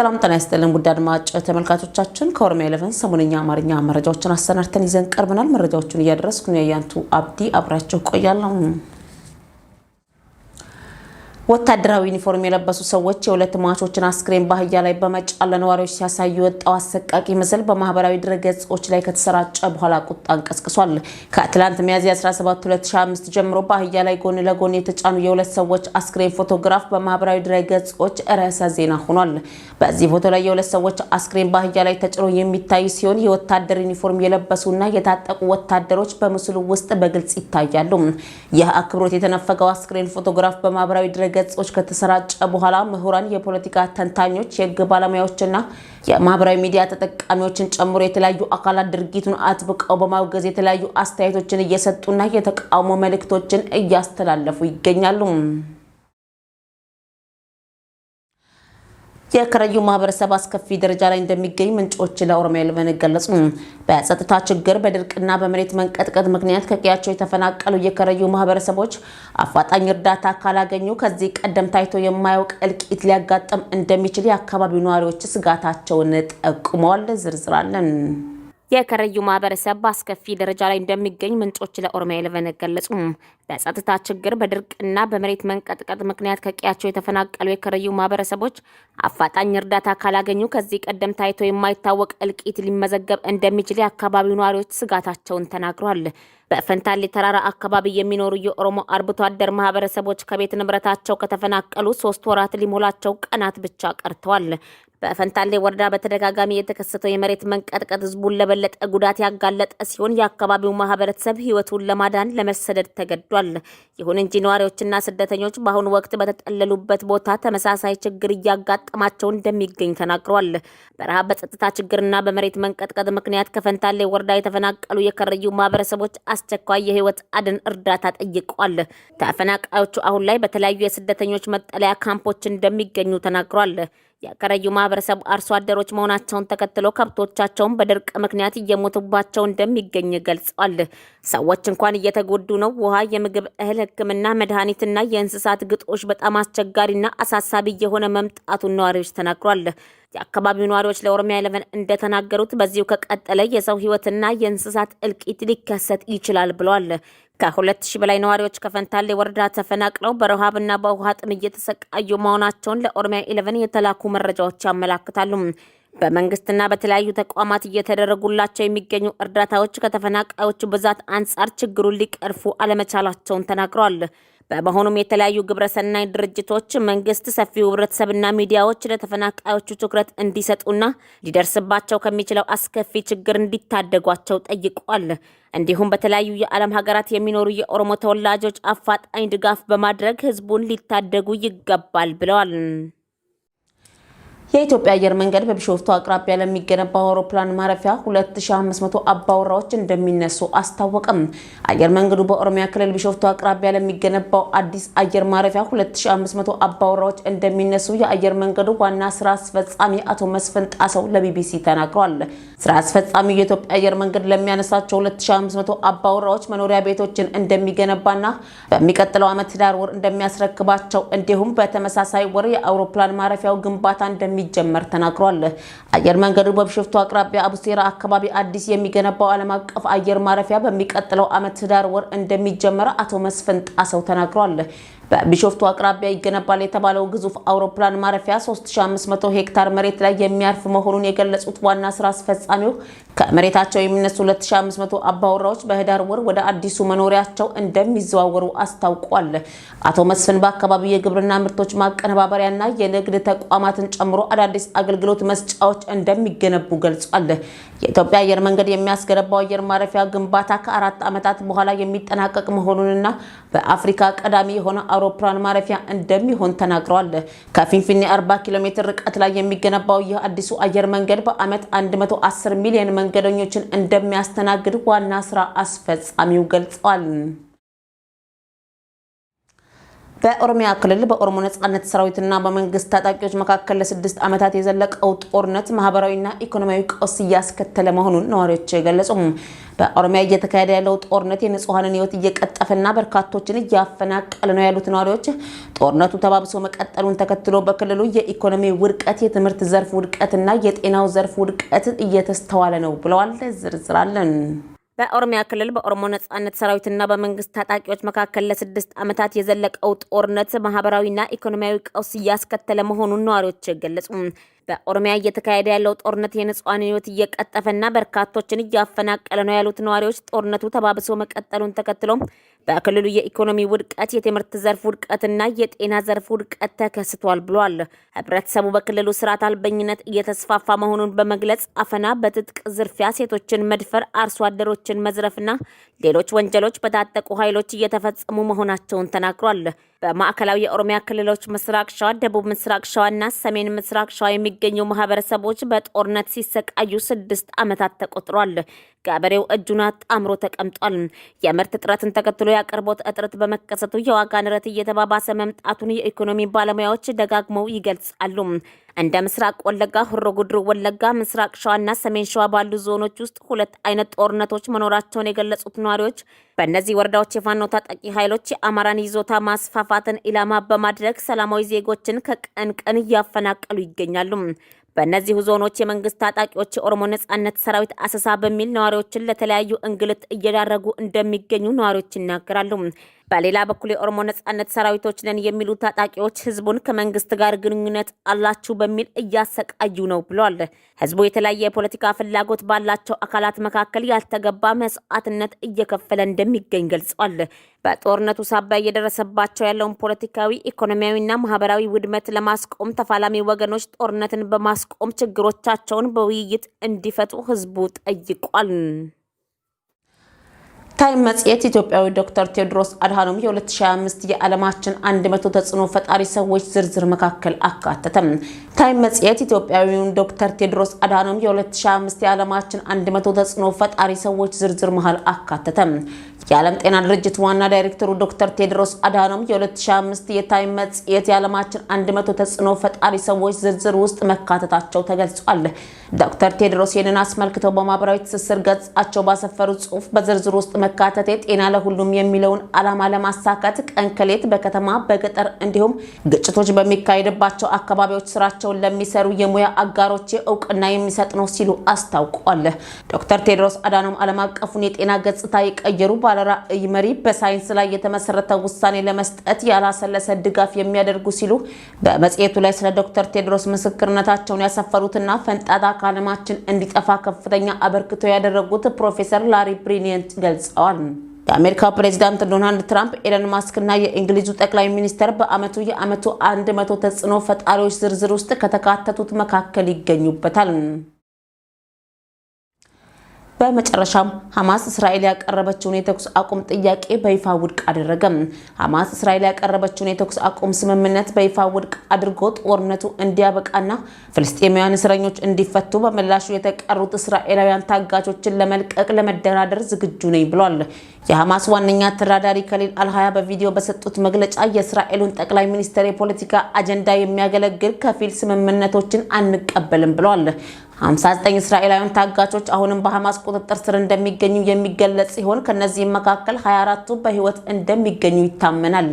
ሰላም ጤና ይስጥልን ውድ አድማጭ ተመልካቾቻችን ከኦሮሚያ ኤለቨን ሰሞነኛ አማርኛ መረጃዎችን አሰናድተን ይዘን ቀርበናል። መረጃዎቹን እያደረስኩ ያያንቱ አብዲ አብራቸው ቆያለሁ። ወታደራዊ ዩኒፎርም የለበሱ ሰዎች የሁለት ሟቾችን አስክሬን ባህያ ላይ በመጫን ለነዋሪዎች ሲያሳዩ የወጣው አሰቃቂ ምስል በማህበራዊ ድረገጾች ላይ ከተሰራጨ በኋላ ቁጣ ቀስቅሷል። ከትላንት ሚያዝያ 17 2005 ጀምሮ ባህያ ላይ ጎን ለጎን የተጫኑ የሁለት ሰዎች አስክሬን ፎቶግራፍ በማህበራዊ ድረገጾች ርዕሰ ዜና ሆኗል። በዚህ ፎቶ ላይ የሁለት ሰዎች አስክሬን ባህያ ላይ ተጭኖ የሚታይ ሲሆን የወታደር ዩኒፎርም የለበሱና የታጠቁ ወታደሮች በምስሉ ውስጥ በግልጽ ይታያሉ። ይህ አክብሮት የተነፈገው አስክሬን ፎቶግራፍ በማህበራዊ ድረገ ገጾች ከተሰራጨ በኋላ ምሁራን፣ የፖለቲካ ተንታኞች፣ የህግ ባለሙያዎችና የማህበራዊ ሚዲያ ተጠቃሚዎችን ጨምሮ የተለያዩ አካላት ድርጊቱን አጥብቀው በማውገዝ የተለያዩ አስተያየቶችን እየሰጡና የተቃውሞ መልእክቶችን እያስተላለፉ ይገኛሉ። የከረዩ ማህበረሰብ አስከፊ ደረጃ ላይ እንደሚገኝ ምንጮች ለኦሮሚያ ልበን ገለጹ። በጸጥታ ችግር በድርቅና በመሬት መንቀጥቀጥ ምክንያት ከቀያቸው የተፈናቀሉ የከረዩ ማህበረሰቦች አፋጣኝ እርዳታ ካላገኙ ከዚህ ቀደም ታይቶ የማያውቅ እልቂት ሊያጋጥም እንደሚችል የአካባቢው ነዋሪዎች ስጋታቸውን ጠቁመዋል። ዝርዝራለን የከረዩ ማህበረሰብ በአስከፊ ደረጃ ላይ እንደሚገኝ ምንጮች ለኦሮሚያ ኢለቨን ገለጹ። በጸጥታ ችግር በድርቅና በመሬት መንቀጥቀጥ ምክንያት ከቀያቸው የተፈናቀሉ የከረዩ ማህበረሰቦች አፋጣኝ እርዳታ ካላገኙ ከዚህ ቀደም ታይቶ የማይታወቅ እልቂት ሊመዘገብ እንደሚችል የአካባቢው ነዋሪዎች ስጋታቸውን ተናግሯል። በፈንታሌ ተራራ አካባቢ የሚኖሩ የኦሮሞ አርብቶ አደር ማህበረሰቦች ከቤት ንብረታቸው ከተፈናቀሉ ሶስት ወራት ሊሞላቸው ቀናት ብቻ ቀርተዋል። በፈንታሌ ወረዳ በተደጋጋሚ የተከሰተው የመሬት መንቀጥቀጥ ህዝቡን ለበለጠ ጉዳት ያጋለጠ ሲሆን የአካባቢው ማህበረሰብ ህይወቱን ለማዳን ለመሰደድ ተገዷል። ይሁን እንጂ ነዋሪዎችና ስደተኞች በአሁኑ ወቅት በተጠለሉበት ቦታ ተመሳሳይ ችግር እያጋጠማቸው እንደሚገኝ ተናግሯል። በረሃብ በጸጥታ ችግርና በመሬት መንቀጥቀጥ ምክንያት ከፈንታሌ ወረዳ የተፈናቀሉ የከረዩ ማህበረሰቦች አስቸኳይ የህይወት አድን እርዳታ ጠይቋል። ተፈናቃዮቹ አሁን ላይ በተለያዩ የስደተኞች መጠለያ ካምፖች እንደሚገኙ ተናግሯል። የከረዩ ማህበረሰብ አርሶ አደሮች መሆናቸውን ተከትሎ ከብቶቻቸውን በድርቅ ምክንያት እየሞቱባቸው እንደሚገኝ ገልጸዋል። ሰዎች እንኳን እየተጎዱ ነው። ውሃ፣ የምግብ እህል፣ ሕክምና፣ መድኃኒትና የእንስሳት ግጦሽ በጣም አስቸጋሪና አሳሳቢ የሆነ መምጣቱን ነዋሪዎች ተናግሯል። የአካባቢው ነዋሪዎች ለኦሮሚያ ኢለቨን እንደተናገሩት በዚሁ ከቀጠለ የሰው ህይወትና የእንስሳት እልቂት ሊከሰት ይችላል ብለዋል። ከሁለት ሺህ በላይ ነዋሪዎች ከፈንታሌ ወረዳ ተፈናቅለው በረሃብና በውሃ ጥም እየተሰቃዩ መሆናቸውን ለኦሮሚያ ኢለቨን የተላኩ መረጃዎች ያመላክታሉ። በመንግስትና በተለያዩ ተቋማት እየተደረጉላቸው የሚገኙ እርዳታዎች ከተፈናቃዮቹ ብዛት አንጻር ችግሩን ሊቀርፉ አለመቻላቸውን ተናግረዋል። በመሆኑም የተለያዩ ግብረሰናይ ድርጅቶች፣ መንግስት፣ ሰፊው ህብረተሰብና ሚዲያዎች ለተፈናቃዮቹ ትኩረት እንዲሰጡና ሊደርስባቸው ከሚችለው አስከፊ ችግር እንዲታደጓቸው ጠይቋል። እንዲሁም በተለያዩ የዓለም ሀገራት የሚኖሩ የኦሮሞ ተወላጆች አፋጣኝ ድጋፍ በማድረግ ህዝቡን ሊታደጉ ይገባል ብለዋል። የኢትዮጵያ አየር መንገድ በቢሾፍቱ አቅራቢያ ለሚገነባው አውሮፕላን ማረፊያ 2500 አባወራዎች እንደሚነሱ አስታወቀም። አየር መንገዱ በኦሮሚያ ክልል ቢሾፍቱ አቅራቢያ ለሚገነባው አዲስ አየር ማረፊያ 2500 አባወራዎች እንደሚነሱ የአየር መንገዱ ዋና ስራ አስፈጻሚ አቶ መስፍን ጣሰው ለቢቢሲ ተናግሯል። ስራ አስፈጻሚው የኢትዮጵያ አየር መንገድ ለሚያነሳቸው 2500 አባወራዎች መኖሪያ ቤቶችን እንደሚገነባና በሚቀጥለው ዓመት ህዳር ወር እንደሚያስረክባቸው እንዲሁም በተመሳሳይ ወር የአውሮፕላን ማረፊያው ግንባታ እንደሚ እንደሚጀመር ተናግሯል። አየር መንገዱ በብሽፍቱ አቅራቢያ አቡሴራ አካባቢ አዲስ የሚገነባው ዓለም አቀፍ አየር ማረፊያ በሚቀጥለው ዓመት ህዳር ወር እንደሚጀመር አቶ መስፍን ጣሰው ተናግሯል። በቢሾፍቱ አቅራቢያ ይገነባል የተባለው ግዙፍ አውሮፕላን ማረፊያ 3500 ሄክታር መሬት ላይ የሚያርፍ መሆኑን የገለጹት ዋና ስራ አስፈጻሚው ከመሬታቸው የሚነሱ 2500 አባወራዎች በህዳር ወር ወደ አዲሱ መኖሪያቸው እንደሚዘዋወሩ አስታውቋል። አቶ መስፍን በአካባቢው የግብርና ምርቶች ማቀነባበሪያና የንግድ ተቋማትን ጨምሮ አዳዲስ አገልግሎት መስጫዎች እንደሚገነቡ ገልጿል። የኢትዮጵያ አየር መንገድ የሚያስገነባው አየር ማረፊያ ግንባታ ከአራት ዓመታት በኋላ የሚጠናቀቅ መሆኑንና በአፍሪካ ቀዳሚ የሆነ አውሮፕላን ማረፊያ እንደሚሆን ተናግረዋል። ከፊንፊኔ 40 ኪሎ ሜትር ርቀት ላይ የሚገነባው ይህ አዲሱ አየር መንገድ በዓመት 110 ሚሊዮን መንገደኞችን እንደሚያስተናግድ ዋና ስራ አስፈጻሚው ገልጸዋል። በኦሮሚያ ክልል በኦሮሞ ነጻነት ሰራዊትና በመንግስት ታጣቂዎች መካከል ለስድስት ዓመታት የዘለቀው ጦርነት ማህበራዊና ኢኮኖሚያዊ ቀውስ እያስከተለ መሆኑን ነዋሪዎች ገለጹም። በኦሮሚያ እየተካሄደ ያለው ጦርነት የንጹሐንን ህይወት እየቀጠፈና በርካቶችን እያፈናቀለ ነው ያሉት ነዋሪዎች ጦርነቱ ተባብሶ መቀጠሉን ተከትሎ በክልሉ የኢኮኖሚ ውድቀት፣ የትምህርት ዘርፍ ውድቀትና የጤናው ዘርፍ ውድቀት እየተስተዋለ ነው ብለዋል። ዝርዝራለን በኦሮሚያ ክልል በኦሮሞ ነጻነት ሰራዊትና በመንግስት ታጣቂዎች መካከል ለስድስት ዓመታት የዘለቀው ጦርነት ማህበራዊና ኢኮኖሚያዊ ቀውስ እያስከተለ መሆኑን ነዋሪዎች ገለጹ። በኦሮሚያ እየተካሄደ ያለው ጦርነት የንጹሐን ህይወት እየቀጠፈና በርካቶችን እያፈናቀለ ነው ያሉት ነዋሪዎች ጦርነቱ ተባብሶ መቀጠሉን ተከትሎ በክልሉ የኢኮኖሚ ውድቀት፣ የትምህርት ዘርፍ ውድቀትና የጤና ዘርፍ ውድቀት ተከስቷል ብሏል። ህብረተሰቡ በክልሉ ስርዓት አልበኝነት እየተስፋፋ መሆኑን በመግለጽ አፈና፣ በትጥቅ ዝርፊያ፣ ሴቶችን መድፈር፣ አርሶ አደሮችን መዝረፍና ሌሎች ወንጀሎች በታጠቁ ኃይሎች እየተፈጸሙ መሆናቸውን ተናግሯል። በማዕከላዊ የኦሮሚያ ክልሎች ምስራቅ ሸዋ፣ ደቡብ ምስራቅ ሸዋ እና ሰሜን ምስራቅ ሸዋ የሚገኙ ማህበረሰቦች በጦርነት ሲሰቃዩ ስድስት ዓመታት ተቆጥሯል። ገበሬው እጁን አጣምሮ ተቀምጧል። የምርት እጥረትን ተከትሎ የአቅርቦት እጥረት በመከሰቱ የዋጋ ንረት እየተባባሰ መምጣቱን የኢኮኖሚ ባለሙያዎች ደጋግመው ይገልጻሉ። እንደ ምስራቅ ወለጋ፣ ሆሮ ጉድሩ ወለጋ፣ ምስራቅ ሸዋና ሰሜን ሸዋ ባሉ ዞኖች ውስጥ ሁለት አይነት ጦርነቶች መኖራቸውን የገለጹት ነዋሪዎች በእነዚህ ወረዳዎች የፋኖ ታጣቂ ኃይሎች የአማራን ይዞታ ማስፋፋትን ኢላማ በማድረግ ሰላማዊ ዜጎችን ከቀን ቀን እያፈናቀሉ ይገኛሉ። በእነዚሁ ዞኖች የመንግስት ታጣቂዎች የኦሮሞ ነጻነት ሰራዊት አሰሳ በሚል ነዋሪዎችን ለተለያዩ እንግልት እየዳረጉ እንደሚገኙ ነዋሪዎች ይናገራሉ። በሌላ በኩል የኦሮሞ ነጻነት ሰራዊቶች ነን የሚሉ ታጣቂዎች ህዝቡን ከመንግስት ጋር ግንኙነት አላችሁ በሚል እያሰቃዩ ነው ብሏል። ህዝቡ የተለያየ የፖለቲካ ፍላጎት ባላቸው አካላት መካከል ያልተገባ መስዋዕትነት እየከፈለ እንደሚገኝ ገልጿል። በጦርነቱ ሳቢያ እየደረሰባቸው ያለውን ፖለቲካዊ፣ ኢኮኖሚያዊና ማህበራዊ ውድመት ለማስቆም ተፋላሚ ወገኖች ጦርነትን በማስቆም ችግሮቻቸውን በውይይት እንዲፈቱ ህዝቡ ጠይቋል። ታይም መጽሔት ኢትዮጵያዊ ዶክተር ቴዎድሮስ አድሃኖም የ2025 የዓለማችን 100 ተጽዕኖ ፈጣሪ ሰዎች ዝርዝር መካከል አካተተም። ታይም መጽሔት ኢትዮጵያዊውን ዶክተር ቴዎድሮስ አድሃኖም የ2025 የዓለማችን 100 ተጽዕኖ ፈጣሪ ሰዎች ዝርዝር መሃል አካተተም። የዓለም ጤና ድርጅት ዋና ዳይሬክተሩ ዶክተር ቴድሮስ አድሃኖም የ2025 የታይም መጽሔት የዓለማችን 100 ተጽዕኖ ፈጣሪ ሰዎች ዝርዝር ውስጥ መካተታቸው ተገልጿል። ዶክተር ቴድሮስ ይህንን አስመልክተው በማህበራዊ ትስስር ገጻቸው ባሰፈሩ ጽሑፍ በዝርዝር ውስጥ መካተቴ ጤና ለሁሉም የሚለውን ዓላማ ለማሳካት ቀን ከሌት በከተማ በገጠር እንዲሁም ግጭቶች በሚካሄድባቸው አካባቢዎች ስራቸውን ለሚሰሩ የሙያ አጋሮች እውቅና የሚሰጥ ነው ሲሉ አስታውቋል። ዶክተር ቴድሮስ አድሃኖም ዓለም አቀፉን የጤና ገጽታ የቀየሩ ባለራዕይ መሪ በሳይንስ ላይ የተመሰረተ ውሳኔ ለመስጠት ያላሰለሰ ድጋፍ የሚያደርጉ ሲሉ በመጽሔቱ ላይ ስለ ዶክተር ቴድሮስ ምስክርነታቸውን ያሰፈሩትና ፈንጣጣ ከዓለማችን እንዲጠፋ ከፍተኛ አበርክቶ ያደረጉት ፕሮፌሰር ላሪ ብሪሊየንት ገልጸዋል። የአሜሪካው ፕሬዚዳንት ዶናልድ ትራምፕ ኤለን ማስክ እና የእንግሊዙ ጠቅላይ ሚኒስተር በአመቱ የአመቱ አንድ መቶ ተጽዕኖ ፈጣሪዎች ዝርዝር ውስጥ ከተካተቱት መካከል ይገኙበታል። በመጨረሻም ሐማስ እስራኤል ያቀረበችውን የተኩስ አቁም ጥያቄ በይፋ ውድቅ አደረገም። ሐማስ እስራኤል ያቀረበችውን የተኩስ አቁም ስምምነት በይፋ ውድቅ አድርጎ ጦርነቱ እንዲያበቃና ፍልስጤማውያን እስረኞች እንዲፈቱ በምላሹ የተቀሩት እስራኤላውያን ታጋቾችን ለመልቀቅ ለመደራደር ዝግጁ ነኝ ብሏል። የሐማስ ዋነኛ ተደራዳሪ ከሊል አልሃያ በቪዲዮ በሰጡት መግለጫ የእስራኤሉን ጠቅላይ ሚኒስትር የፖለቲካ አጀንዳ የሚያገለግል ከፊል ስምምነቶችን አንቀበልም ብሏል። 59 እስራኤላውያን ታጋቾች አሁንም በሐማስ ቁጥጥር ስር እንደሚገኙ የሚገለጽ ሲሆን ከነዚህም መካከል 24ቱ በህይወት እንደሚገኙ ይታመናል።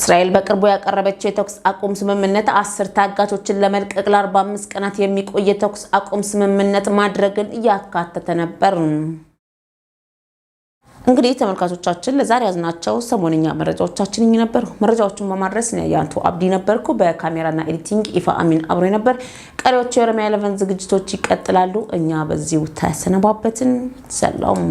እስራኤል በቅርቡ ያቀረበችው የተኩስ አቁም ስምምነት አስር ታጋቾችን ለመልቀቅ ለ45 ቀናት የሚቆይ የተኩስ አቁም ስምምነት ማድረግን እያካተተ ነበር። እንግዲህ ተመልካቾቻችን ለዛሬ ያዝናቸው ሰሞንኛ መረጃዎቻችን እኚህ ነበር። መረጃዎቹን በማድረስ የአንቱ አብዲ ነበርኩ። በካሜራና ኤዲቲንግ ኢፋ አሚን አብሮ ነበር። ቀሪዎቹ የኦሮሚያ ኤሌቨን ዝግጅቶች ይቀጥላሉ። እኛ በዚሁ ተሰነባበትን። ሰላም